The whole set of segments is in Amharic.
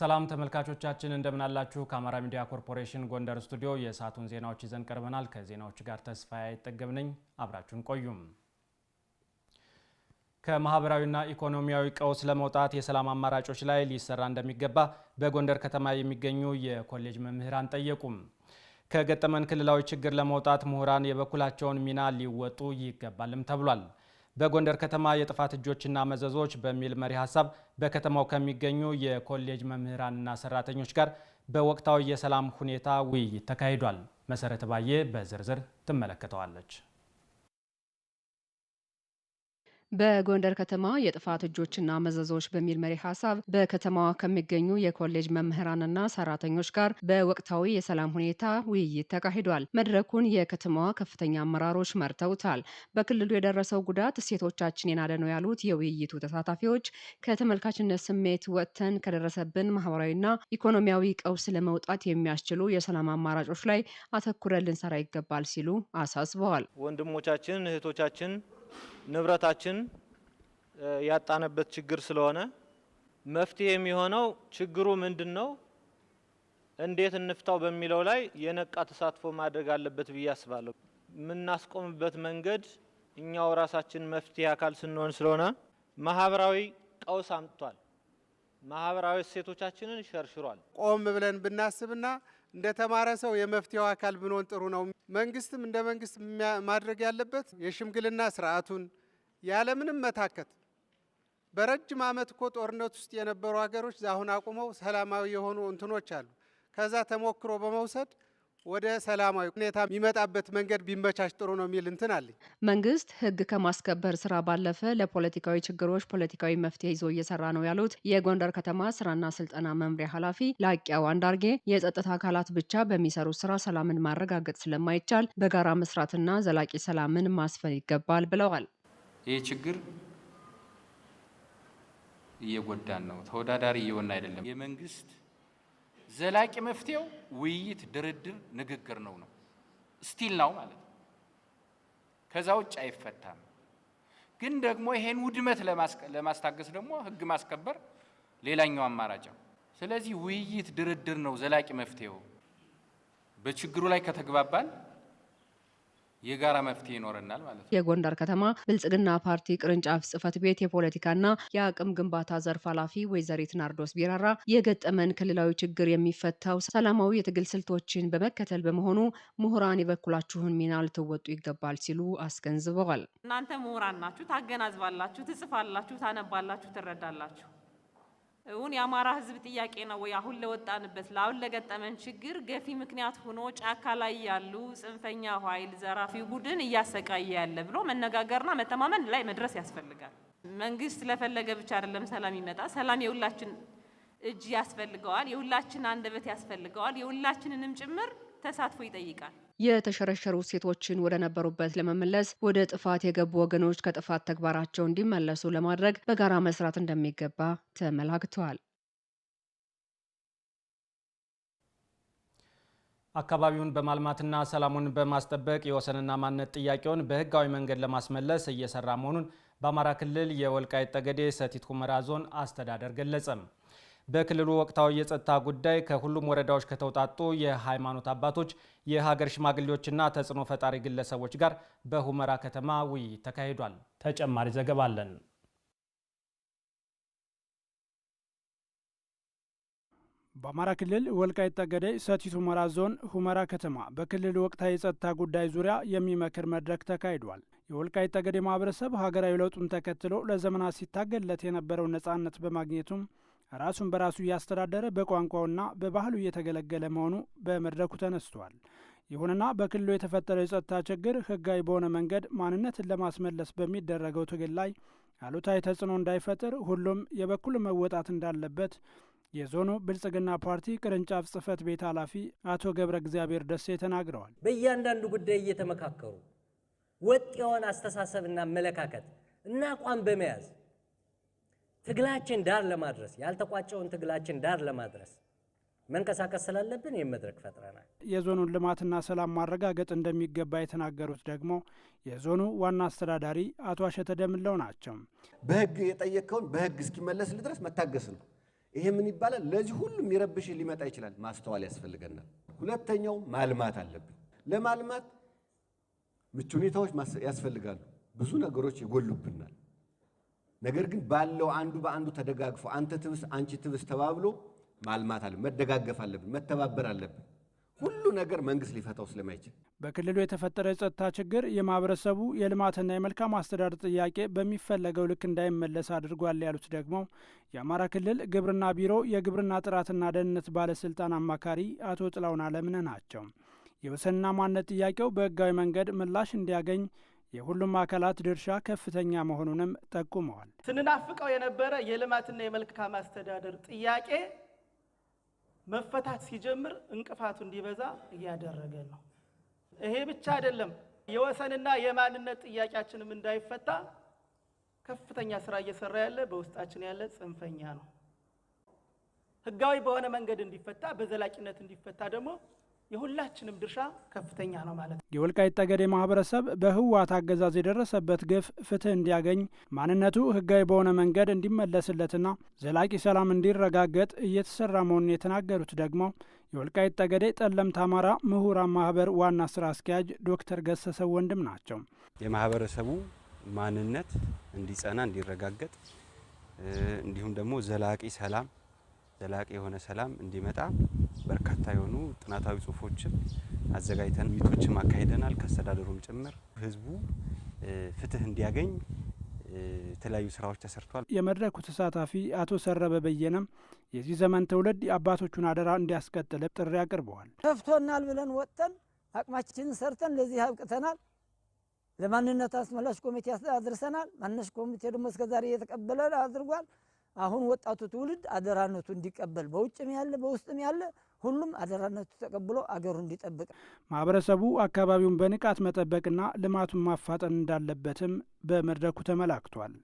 ሰላም ተመልካቾቻችን እንደምናላችሁ። ከአማራ ሚዲያ ኮርፖሬሽን ጎንደር ስቱዲዮ የሰዓቱን ዜናዎች ይዘን ቀርበናል። ከዜናዎቹ ጋር ተስፋ አይጠገብ ነኝ። አብራችሁን ቆዩም። ከማህበራዊና ኢኮኖሚያዊ ቀውስ ለመውጣት የሰላም አማራጮች ላይ ሊሰራ እንደሚገባ በጎንደር ከተማ የሚገኙ የኮሌጅ መምህራን ጠየቁም። ከገጠመን ክልላዊ ችግር ለመውጣት ምሁራን የበኩላቸውን ሚና ሊወጡ ይገባልም ተብሏል። በጎንደር ከተማ የጥፋት እጆችና መዘዞች በሚል መሪ ሀሳብ በከተማው ከሚገኙ የኮሌጅ መምህራንና ሰራተኞች ጋር በወቅታዊ የሰላም ሁኔታ ውይይት ተካሂዷል። መሰረተ ባዬ በዝርዝር ትመለከተዋለች። በጎንደር ከተማ የጥፋት እጆችና መዘዞች በሚል መሪ ሀሳብ በከተማዋ ከሚገኙ የኮሌጅ መምህራንና ሰራተኞች ጋር በወቅታዊ የሰላም ሁኔታ ውይይት ተካሂዷል። መድረኩን የከተማዋ ከፍተኛ አመራሮች መርተውታል። በክልሉ የደረሰው ጉዳት ሴቶቻችን የናደ ነው ያሉት የውይይቱ ተሳታፊዎች ከተመልካችነት ስሜት ወጥተን ከደረሰብን ማህበራዊና ኢኮኖሚያዊ ቀውስ ለመውጣት የሚያስችሉ የሰላም አማራጮች ላይ አተኩረን ልንሰራ ይገባል ሲሉ አሳስበዋል። ወንድሞቻችን እህቶቻችን ንብረታችን ያጣነበት ችግር ስለሆነ መፍትሄ የሚሆነው ችግሩ ምንድን ነው፣ እንዴት እንፍታው በሚለው ላይ የነቃ ተሳትፎ ማድረግ አለበት ብዬ አስባለሁ። የምናስቆምበት መንገድ እኛው ራሳችን መፍትሄ አካል ስንሆን ስለሆነ ማህበራዊ ቀውስ አምጥቷል። ማህበራዊ እሴቶቻችንን ሸርሽሯል። ቆም ብለን ብናስብና እንደ ተማረ ሰው የመፍትሄው አካል ብንሆን ጥሩ ነው። መንግስትም እንደ መንግስት ማድረግ ያለበት የሽምግልና ስርዓቱን ያለምንም መታከት በረጅም ዓመት እኮ ጦርነት ውስጥ የነበሩ ሀገሮች አሁን አቁመው ሰላማዊ የሆኑ እንትኖች አሉ። ከዛ ተሞክሮ በመውሰድ ወደ ሰላማዊ ሁኔታ የሚመጣበት መንገድ ቢመቻች ጥሩ ነው የሚል እንትን አለኝ። መንግስት ህግ ከማስከበር ስራ ባለፈ ለፖለቲካዊ ችግሮች ፖለቲካዊ መፍትሄ ይዞ እየሰራ ነው ያሉት የጎንደር ከተማ ስራና ስልጠና መምሪያ ኃላፊ ላቂያው አንዳርጌ የጸጥታ አካላት ብቻ በሚሰሩት ስራ ሰላምን ማረጋገጥ ስለማይቻል በጋራ መስራትና ዘላቂ ሰላምን ማስፈን ይገባል ብለዋል። ይህ ችግር እየጎዳን ነው። ተወዳዳሪ እየሆን አይደለም። የመንግስት ዘላቂ መፍትሄው ውይይት፣ ድርድር፣ ንግግር ነው ነው ስቲል ነው ማለት ነው። ከዛ ውጭ አይፈታም። ግን ደግሞ ይሄን ውድመት ለማስታገስ ደግሞ ህግ ማስከበር ሌላኛው አማራጭ ነው። ስለዚህ ውይይት፣ ድርድር ነው ዘላቂ መፍትሄው። በችግሩ ላይ ከተግባባን የጋራ መፍትሄ ይኖረናል ማለት ነው። የጎንደር ከተማ ብልጽግና ፓርቲ ቅርንጫፍ ጽህፈት ቤት የፖለቲካና የአቅም ግንባታ ዘርፍ ኃላፊ ወይዘሪት ናርዶስ ቢራራ የገጠመን ክልላዊ ችግር የሚፈታው ሰላማዊ የትግል ስልቶችን በመከተል በመሆኑ ምሁራን የበኩላችሁን ሚና ልትወጡ ይገባል ሲሉ አስገንዝበዋል። እናንተ ምሁራን ናችሁ፣ ታገናዝባላችሁ፣ ትጽፋላችሁ፣ ታነባላችሁ፣ ትረዳላችሁ እውን የአማራ ህዝብ ጥያቄ ነው ወይ? አሁን ለወጣንበት ለአሁን ለገጠመን ችግር ገፊ ምክንያት ሆኖ ጫካ ላይ ያሉ ጽንፈኛ ኃይል ዘራፊ ቡድን እያሰቃየ ያለ ብሎ መነጋገርና መተማመን ላይ መድረስ ያስፈልጋል። መንግስት ስለፈለገ ብቻ አይደለም ሰላም ይመጣ። ሰላም የሁላችን እጅ ያስፈልገዋል፣ የሁላችን አንደበት ያስፈልገዋል፣ የሁላችንንም ጭምር ተሳትፎ ይጠይቃል። የተሸረሸሩ ሴቶችን ወደ ነበሩበት ለመመለስ ወደ ጥፋት የገቡ ወገኖች ከጥፋት ተግባራቸው እንዲመለሱ ለማድረግ በጋራ መስራት እንደሚገባ ተመላክተዋል። አካባቢውን በማልማትና ሰላሙን በማስጠበቅ የወሰንና ማንነት ጥያቄውን በህጋዊ መንገድ ለማስመለስ እየሰራ መሆኑን በአማራ ክልል የወልቃይት ጠገዴ ሰቲት ሁመራ ዞን አስተዳደር ገለጸም። በክልሉ ወቅታዊ የጸጥታ ጉዳይ ከሁሉም ወረዳዎች ከተውጣጡ የሃይማኖት አባቶች፣ የሀገር ሽማግሌዎችና ተጽዕኖ ፈጣሪ ግለሰቦች ጋር በሁመራ ከተማ ውይይት ተካሂዷል። ተጨማሪ ዘገባ አለን። በአማራ ክልል ወልቃይት ጠገዴ ሰቲት ሁመራ ዞን ሁመራ ከተማ በክልል ወቅታዊ የጸጥታ ጉዳይ ዙሪያ የሚመክር መድረክ ተካሂዷል። የወልቃይት ጠገዴ ማህበረሰብ ሀገራዊ ለውጡን ተከትሎ ለዘመናት ሲታገልለት የነበረውን ነጻነት በማግኘቱም ራሱን በራሱ እያስተዳደረ በቋንቋውና በባህሉ እየተገለገለ መሆኑ በመድረኩ ተነስቷል። ይሁንና በክልሉ የተፈጠረው የጸጥታ ችግር ህጋዊ በሆነ መንገድ ማንነትን ለማስመለስ በሚደረገው ትግል ላይ አሉታዊ ተጽዕኖ እንዳይፈጥር ሁሉም የበኩል መወጣት እንዳለበት የዞኑ ብልጽግና ፓርቲ ቅርንጫፍ ጽህፈት ቤት ኃላፊ አቶ ገብረ እግዚአብሔር ደሴ ተናግረዋል። በእያንዳንዱ ጉዳይ እየተመካከሩ ወጥ የሆነ አስተሳሰብና አመለካከት እና አቋም በመያዝ ትግላችን ዳር ለማድረስ ያልተቋጨውን ትግላችን ዳር ለማድረስ መንቀሳቀስ ስላለብን ይህን መድረክ ፈጥረናል። የዞኑን ልማትና ሰላም ማረጋገጥ እንደሚገባ የተናገሩት ደግሞ የዞኑ ዋና አስተዳዳሪ አቶ አሸተ ደምለው ናቸው። በህግ የጠየቅከውን በህግ እስኪመለስ ድረስ መታገስ ነው። ይሄ ምን ይባላል? ለዚህ ሁሉም የሚረብሽ ሊመጣ ይችላል። ማስተዋል ያስፈልገናል። ሁለተኛው ማልማት አለብን። ለማልማት ምቹ ሁኔታዎች ያስፈልጋሉ። ብዙ ነገሮች ይጎሉብናል። ነገር ግን ባለው አንዱ በአንዱ ተደጋግፎ አንተ ትብስ አንቺ ትብስ ተባብሎ ማልማት አለብን፣ መደጋገፍ አለብን፣ መተባበር አለብን። ሁሉ ነገር መንግስት ሊፈታው ስለማይችል በክልሉ የተፈጠረ የጸጥታ ችግር የማህበረሰቡ የልማትና የመልካም አስተዳደር ጥያቄ በሚፈለገው ልክ እንዳይመለስ አድርጓል ያሉት ደግሞ የአማራ ክልል ግብርና ቢሮ የግብርና ጥራትና ደህንነት ባለስልጣን አማካሪ አቶ ጥላውን አለምነ ናቸው። የወሰንና ማንነት ጥያቄው በህጋዊ መንገድ ምላሽ እንዲያገኝ የሁሉም አካላት ድርሻ ከፍተኛ መሆኑንም ጠቁመዋል። ስንናፍቀው የነበረ የልማትና የመልካም አስተዳደር ጥያቄ መፈታት ሲጀምር እንቅፋቱ እንዲበዛ እያደረገ ነው። ይሄ ብቻ አይደለም። የወሰንና የማንነት ጥያቄያችንም እንዳይፈታ ከፍተኛ ስራ እየሰራ ያለ በውስጣችን ያለ ጽንፈኛ ነው። ህጋዊ በሆነ መንገድ እንዲፈታ በዘላቂነት እንዲፈታ ደግሞ የሁላችንም ድርሻ ከፍተኛ ነው ማለት ነው። የወልቃይት ጠገዴ ማህበረሰብ በህወሓት አገዛዝ የደረሰበት ግፍ ፍትህ እንዲያገኝ ማንነቱ ህጋዊ በሆነ መንገድ እንዲመለስለትና ዘላቂ ሰላም እንዲረጋገጥ እየተሰራ መሆኑን የተናገሩት ደግሞ የወልቃይት ጠገዴ ጠለምት አማራ ምሁራን ማህበር ዋና ስራ አስኪያጅ ዶክተር ገሰሰ ወንድም ናቸው። የማህበረሰቡ ማንነት እንዲጸና እንዲረጋገጥ፣ እንዲሁም ደግሞ ዘላቂ ሰላም ዘላቂ የሆነ ሰላም እንዲመጣ በርካታ የሆኑ ጥናታዊ ጽሁፎችን አዘጋጅተን ውይይቶችም አካሂደናል። ከአስተዳደሩም ጭምር ህዝቡ ፍትህ እንዲያገኝ የተለያዩ ስራዎች ተሰርቷል። የመድረኩ ተሳታፊ አቶ ሰረበ በየነም የዚህ ዘመን ትውልድ የአባቶቹን አደራ እንዲያስቀጥል ጥሪ አቅርበዋል። ከፍቶናል ብለን ወጥተን አቅማችንን ሰርተን ለዚህ አብቅተናል። ለማንነት አስመላሽ ኮሚቴ አድርሰናል። ማነሽ ኮሚቴ ደግሞ እስከዛሬ እየተቀበለ አድርጓል። አሁን ወጣቱ ትውልድ አደራነቱ እንዲቀበል በውጭም ያለ በውስጥም ያለ ሁሉም አደራነቱ ተቀብሎ አገሩ እንዲጠብቅ ማህበረሰቡ አካባቢውን በንቃት መጠበቅና ልማቱን ማፋጠን እንዳለበትም በመድረኩ ተመላክቷል።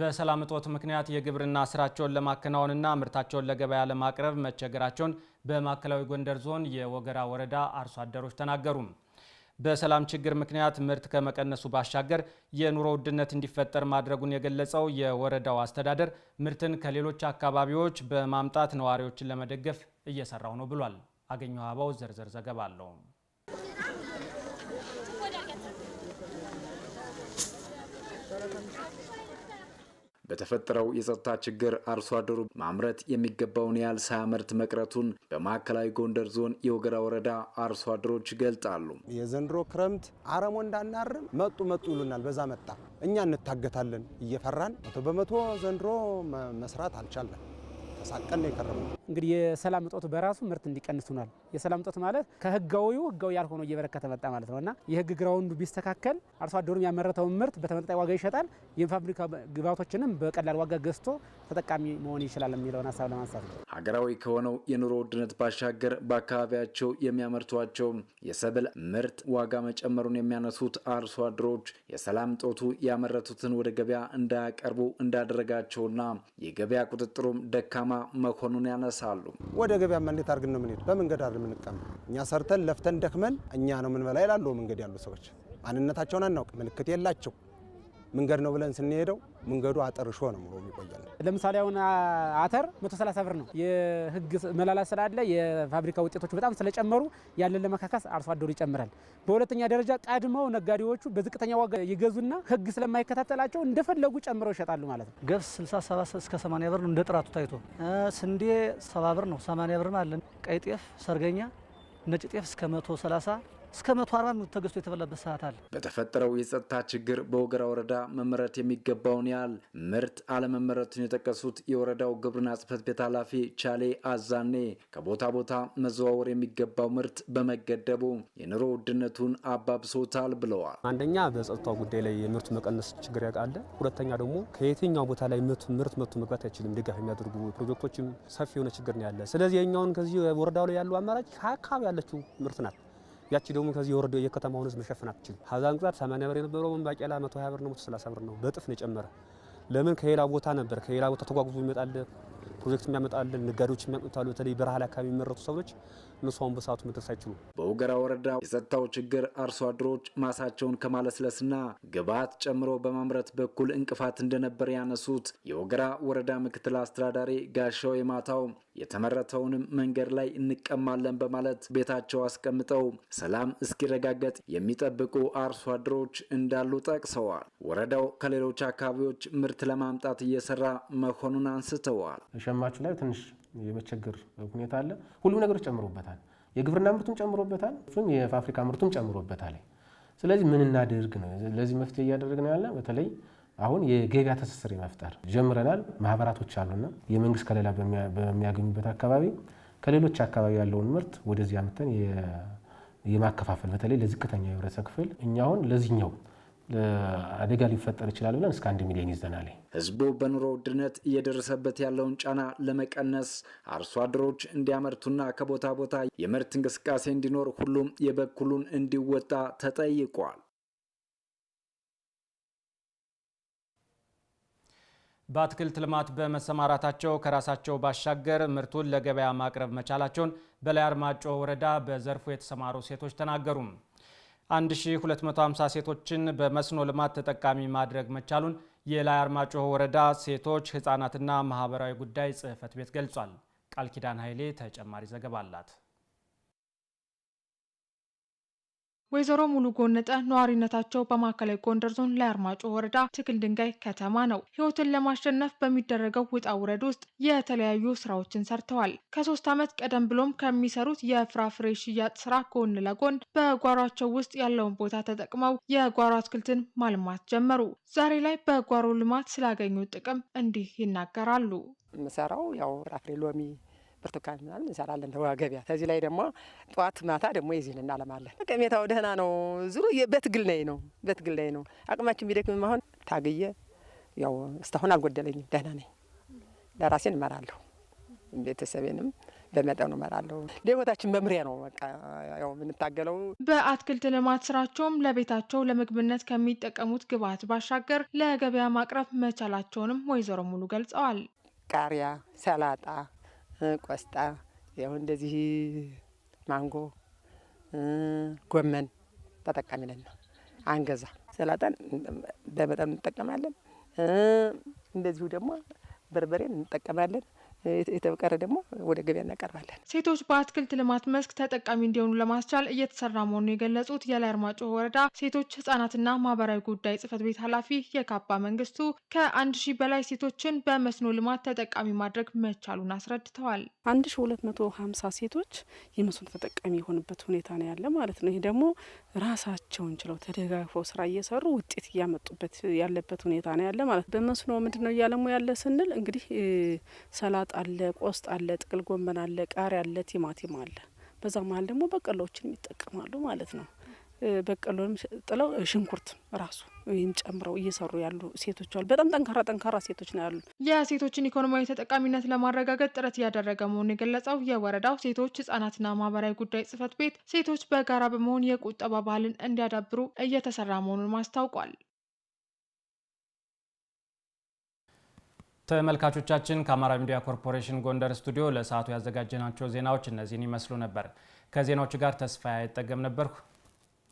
በሰላም እጦት ምክንያት የግብርና ስራቸውን ለማከናወንና ምርታቸውን ለገበያ ለማቅረብ መቸገራቸውን በማዕከላዊ ጎንደር ዞን የወገራ ወረዳ አርሶ አደሮች ተናገሩም። በሰላም ችግር ምክንያት ምርት ከመቀነሱ ባሻገር የኑሮ ውድነት እንዲፈጠር ማድረጉን የገለጸው የወረዳው አስተዳደር ምርትን ከሌሎች አካባቢዎች በማምጣት ነዋሪዎችን ለመደገፍ እየሰራው ነው ብሏል። አገኘው አባው ዝርዝር ዘገባ አለው። በተፈጠረው የጸጥታ ችግር አርሶ አደሩ ማምረት የሚገባውን ያህል ሳያመርት መቅረቱን በማዕከላዊ ጎንደር ዞን የወገራ ወረዳ አርሶ አደሮች ይገልጻሉ። የዘንድሮ ክረምት አረሞ እንዳናርም መጡ መጡ ይሉናል። በዛ መጣ እኛ እንታገታለን እየፈራን መቶ በመቶ ዘንድሮ መስራት አልቻለን። ተሳቀን ነው የከረሙ። እንግዲህ የሰላም እጦቱ በራሱ ምርት እንዲቀንሱናል የሰላም እጦት ማለት ከህጋዊው ህጋዊ ያልሆነው እየበረከተ መጣ ማለት ነው እና የህግ ግራውንዱ ቢስተካከል አርሶ አደሩም ያመረተውን ምርት በተመጣጣኝ ዋጋ ይሸጣል፣ የፋብሪካ ግብዓቶችንም በቀላል ዋጋ ገዝቶ ተጠቃሚ መሆን ይችላል የሚለውን ሀሳብ ለማንሳት ነው። ሀገራዊ ከሆነው የኑሮ ውድነት ባሻገር በአካባቢያቸው የሚያመርቷቸው የሰብል ምርት ዋጋ መጨመሩን የሚያነሱት አርሶ አደሮች የሰላም እጦቱ ያመረቱትን ወደ ገበያ እንዳያቀርቡ እንዳደረጋቸውና የገበያ ቁጥጥሩም ደካማ መሆኑን ያነሳሉ። ወደ ገበያ መንዴት አድርገን ነው በመንገድ የምንቀመው። እኛ ሰርተን ለፍተን ደክመን እኛ ነው የምንበላ ይላሉ መንገድ ያሉ ሰዎች። ማንነታቸውን አናውቅ፣ ምልክት የላቸው። መንገድ ነው ብለን ስንሄደው መንገዱ አጠር ሾ ነው ሙሉ የሚቆያል። ለምሳሌ አሁን አተር 130 ብር ነው። የህግ መላላ ስላለ የፋብሪካ ውጤቶች በጣም ስለጨመሩ ያለን ለመካካስ አርሶ አደሩ ይጨምራል። በሁለተኛ ደረጃ ቀድመው ነጋዴዎቹ በዝቅተኛ ዋጋ ይገዙና ህግ ስለማይከታተላቸው እንደፈለጉ ጨምረው ይሸጣሉ ማለት ነው። ገብስ 60 70 እስከ 80 ብር ነው እንደ ጥራቱ ታይቶ። ስንዴ 70 ብር ነው፣ 80 ብርም አለን። ቀይ ጤፍ፣ ሰርገኛ፣ ነጭ ጤፍ እስከ 130 እስከ መቶ አርባ ተገዝቶ የተበላበት ሰዓት አለ። በተፈጠረው የጸጥታ ችግር በወገራ ወረዳ መመረት የሚገባውን ያህል ምርት አለመመረቱን የጠቀሱት የወረዳው ግብርና ጽሕፈት ቤት ኃላፊ ቻሌ አዛኔ ከቦታ ቦታ መዘዋወር የሚገባው ምርት በመገደቡ የኑሮ ውድነቱን አባብሶታል ብለዋል። አንደኛ በጸጥታው ጉዳይ ላይ የምርቱ መቀነስ ችግር ያውቃለ። ሁለተኛ ደግሞ ከየትኛው ቦታ ላይ ምርት መቶ መግባት አይችልም። ድጋፍ የሚያደርጉ ፕሮጀክቶችም ሰፊ የሆነ ችግር ነው ያለ። ስለዚህ የኛውን ከዚህ ወረዳው ላይ ያለው አማራጭ ከአካባቢ ያለችው ምርት ናት። ያቺ ደግሞ ከዚህ የወረደ የከተማውን ህዝብ መሸፈን አትችልም። ሀዛን ግዛት 80 ብር የነበረው ባቄላ 120 ብር ነው፣ 130 ብር ነው። በጥፍ ነው የጨመረ። ለምን ከሌላ ቦታ ነበር ከሌላ ቦታ ተጓጉዞ ይመጣል ፕሮጀክት የሚያመጣልን ነጋዴዎች የሚያመጣሉ። በተለይ በረሃ አካባቢ የሚመረቱ ሰብሎች እነሱ አሁን በሰዓቱ መድረስ አይችሉ። በውገራ ወረዳ የጸጥታው ችግር አርሶ አደሮች ማሳቸውን ከማለስለስና ግብዓት ጨምሮ በማምረት በኩል እንቅፋት እንደነበር ያነሱት የውገራ ወረዳ ምክትል አስተዳዳሪ ጋሻው የማታው የተመረተውንም መንገድ ላይ እንቀማለን በማለት ቤታቸው አስቀምጠው ሰላም እስኪረጋገጥ የሚጠብቁ አርሶ አደሮች እንዳሉ ጠቅሰዋል። ወረዳው ከሌሎች አካባቢዎች ምርት ለማምጣት እየሰራ መሆኑን አንስተዋል። ሸማቹ ላይ ትንሽ የመቸገር ሁኔታ አለ። ሁሉም ነገሮች ጨምሮበታል። የግብርና ምርቱም ጨምሮበታል፣ የፋብሪካ ምርቱም ጨምሮበታል። ስለዚህ ምን እናድርግ ነው ለዚህ መፍትሄ ነው ያለ በተለይ አሁን የገበያ ትስስር መፍጠር ጀምረናል። ማህበራቶች አሉና የመንግስት ከለላ በሚያገኙበት አካባቢ ከሌሎች አካባቢ ያለውን ምርት ወደዚህ አምተን የማከፋፈል በተለይ ለዝቅተኛ የህብረተሰብ ክፍል እኛ አሁን ለዚህኛው አደጋ ሊፈጠር ይችላል ብለን እስከ አንድ ሚሊዮን ይዘናል። ህዝቡ በኑሮ ውድነት እየደረሰበት ያለውን ጫና ለመቀነስ አርሶ አደሮች እንዲያመርቱና ከቦታ ቦታ የምርት እንቅስቃሴ እንዲኖር ሁሉም የበኩሉን እንዲወጣ ተጠይቋል። በአትክልት ልማት በመሰማራታቸው ከራሳቸው ባሻገር ምርቱን ለገበያ ማቅረብ መቻላቸውን በላይ አርማጮ ወረዳ በዘርፉ የተሰማሩ ሴቶች ተናገሩም። 1250 ሴቶችን በመስኖ ልማት ተጠቃሚ ማድረግ መቻሉን የላይ አርማጭሆ ወረዳ ሴቶች ሕፃናትና ማህበራዊ ጉዳይ ጽሕፈት ቤት ገልጿል። ቃል ኪዳን ኃይሌ ተጨማሪ ዘገባ አላት። ወይዘሮ ሙሉ ጎንጠ ነዋሪነታቸው በማዕከላዊ ጎንደር ዞን ላይ አርማጮ ወረዳ ትክል ድንጋይ ከተማ ነው። ህይወትን ለማሸነፍ በሚደረገው ውጣ ውረድ ውስጥ የተለያዩ ስራዎችን ሰርተዋል። ከሶስት ዓመት ቀደም ብሎም ከሚሰሩት የፍራፍሬ ሽያጭ ስራ ጎን ለጎን በጓሯቸው ውስጥ ያለውን ቦታ ተጠቅመው የጓሮ አትክልትን ማልማት ጀመሩ። ዛሬ ላይ በጓሮ ልማት ስላገኙት ጥቅም እንዲህ ይናገራሉ። ምሰራው ያው ፍራፍሬ ሎሚ ብርቱካን ምናምን እንሰራለን ለዋ ገበያ። ከዚህ ላይ ደግሞ ጠዋት ማታ ደግሞ የዚህን እናለማለን። ቀሜታው ደህና ነው። ዙሩ በትግል ላይ ነው፣ በትግል ላይ ነው። አቅማችን ቢደክም አሁን ታግየ ያው እስታሁን አልጎደለኝም፣ ደህና ነኝ። ለራሴን እመራለሁ፣ ቤተሰቤንም በመጠኑ እመራለሁ። ለህይወታችን መምሪያ ነው በቃ ያው የምንታገለው። በአትክልት ልማት ስራቸውም ለቤታቸው ለምግብነት ከሚጠቀሙት ግብዓት ባሻገር ለገበያ ማቅረብ መቻላቸውንም ወይዘሮ ሙሉ ገልጸዋል። ቃሪያ፣ ሰላጣ ቆስጣ፣ ያው እንደዚህ ማንጎ፣ ጎመን ተጠቃሚ ነን። አንገዛ ሰላጣን በመጠኑ እንጠቀማለን። እንደዚሁ ደግሞ በርበሬን እንጠቀማለን። የተቀረ ደግሞ ወደ ገበያ እናቀርባለን። ሴቶች በአትክልት ልማት መስክ ተጠቃሚ እንዲሆኑ ለማስቻል እየተሰራ መሆኑን የገለጹት የላይ አርማጮ ወረዳ ሴቶች ህጻናትና ማህበራዊ ጉዳይ ጽህፈት ቤት ኃላፊ የካባ መንግስቱ ከአንድ ሺህ በላይ ሴቶችን በመስኖ ልማት ተጠቃሚ ማድረግ መቻሉን አስረድተዋል። አንድ ሺ ሁለት መቶ ሀምሳ ሴቶች የመስኖ ተጠቃሚ የሆኑበት ሁኔታ ነው ያለ ማለት ነው። ይህ ደግሞ ራሳቸውን ችለው ተደጋግፈው ስራ እየሰሩ ውጤት እያመጡበት ያለበት ሁኔታ ነው ያለ ማለት በመስኖ ምንድን ነው እያለሙ ያለ ስንል እንግዲህ ሰላ ወጥ አለ፣ ቆስጥ አለ፣ ጥቅል ጎመን አለ፣ ቃሪያ አለ፣ ቲማቲም አለ። በዛ መሀል ደግሞ በቀሎዎችን ይጠቀማሉ ማለት ነው። በቀሎንም ጥለው ሽንኩርት ራሱ ወይም ጨምረው እየሰሩ ያሉ ሴቶች አሉ። በጣም ጠንካራ ጠንካራ ሴቶች ነው ያሉ። የሴቶችን ኢኮኖሚያዊ ተጠቃሚነት ለማረጋገጥ ጥረት እያደረገ መሆኑን የገለጸው የወረዳው ሴቶች ህጻናትና ማህበራዊ ጉዳይ ጽህፈት ቤት ሴቶች በጋራ በመሆን የቁጠባ ባህልን እንዲያዳብሩ እየተሰራ መሆኑን ማስታውቋል። ተመልካቾቻችን ከአማራ ሚዲያ ኮርፖሬሽን ጎንደር ስቱዲዮ ለሰዓቱ ያዘጋጀናቸው ዜናዎች እነዚህን ይመስሉ ነበር። ከዜናዎቹ ጋር ተስፋ አይጠገም ነበርኩ።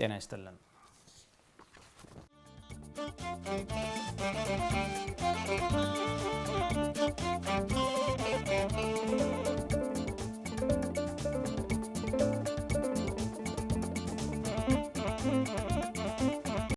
ጤና ይስጥልን።